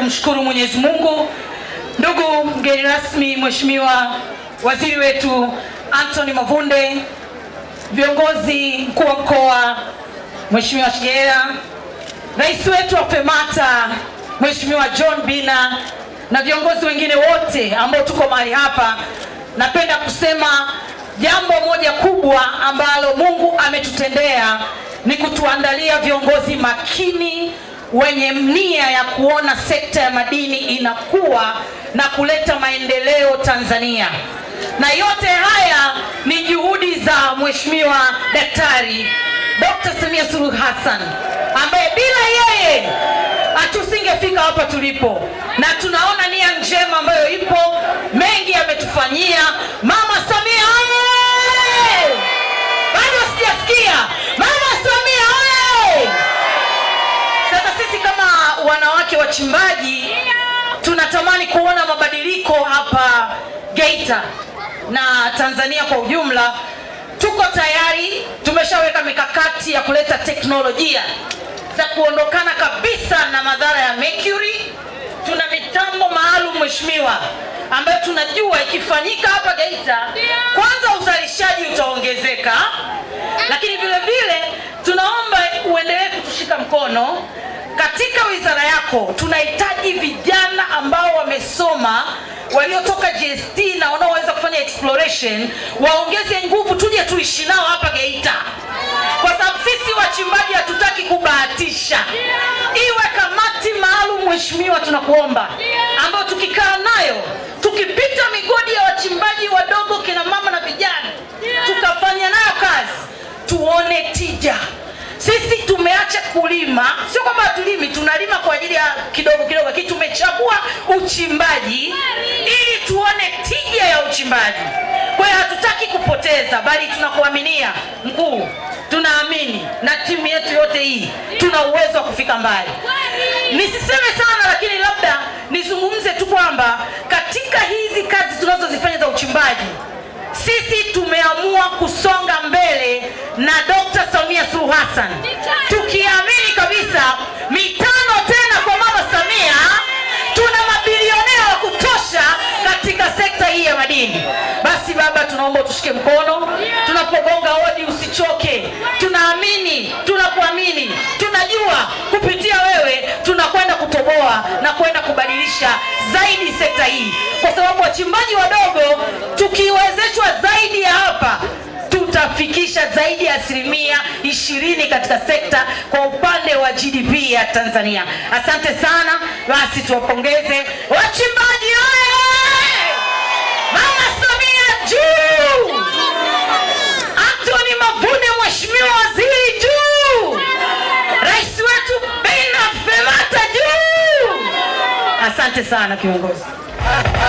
kumshukuru Mwenyezi Mungu. Ndugu mgeni rasmi, Mheshimiwa Waziri wetu Anthony Mavunde, viongozi, mkuu wa mkoa Mheshimiwa Shigera, rais wetu wa FEMATA Mheshimiwa John Bina na viongozi wengine wote ambao tuko mahali hapa, napenda kusema jambo moja kubwa ambalo Mungu ametutendea ni kutuandalia viongozi makini wenye nia ya kuona sekta ya madini inakuwa na kuleta maendeleo Tanzania. Na yote haya ni juhudi za Mheshimiwa Daktari Dr. Samia Suluhu Hassan ambaye bila yeye hatusingefika hapa tulipo na tuna wanawake wachimbaji tunatamani kuona mabadiliko hapa Geita na Tanzania kwa ujumla. Tuko tayari, tumeshaweka mikakati ya kuleta teknolojia za kuondokana kabisa na madhara ya mercury. Tuna mitambo maalum mheshimiwa, ambayo tunajua ikifanyika hapa Geita, kwanza uzalishaji utaongezeka, lakini vile vile tunaomba uendelee kutushika mkono katika wizara yako tunahitaji vijana ambao wamesoma waliotoka GST na wanaoweza kufanya exploration, waongeze nguvu, tuje tuishi nao hapa Geita, kwa sababu sisi wachimbaji hatutaki kubahatisha. Iwe kamati maalum, mheshimiwa, tunakuomba ambayo tukikaa nayo tukipita migodi ya wachimbaji wadogo, kina mama na vijana, tukafanya nayo kazi, tuone tija sisi kulima, sio kwamba tulimi, tunalima kwa ajili ya kidogo kidogo, lakini tumechagua uchimbaji ili tuone tija ya uchimbaji. Kwa hiyo hatutaki kupoteza, bali tunakuaminia mkuu, tunaamini na timu yetu yote hii tuna uwezo wa kufika mbali. Nisiseme sana, lakini labda nizungumze tu kwamba katika hizi kazi tunazozifanya za uchimbaji sisi tumeamua kusonga mbele na Dr. Samia Suluhu Hassan naomba tushike mkono. Tunapogonga hodi usichoke, tunaamini, tunakuamini, tunajua kupitia wewe tunakwenda kutoboa na kwenda kubadilisha zaidi sekta hii, kwa sababu wachimbaji wadogo tukiwezeshwa zaidi ya hapa tutafikisha zaidi ya asilimia ishirini katika sekta kwa upande wa GDP ya Tanzania. Asante sana, basi tuwapongeze wachimbaji. Asante sana kiongozi.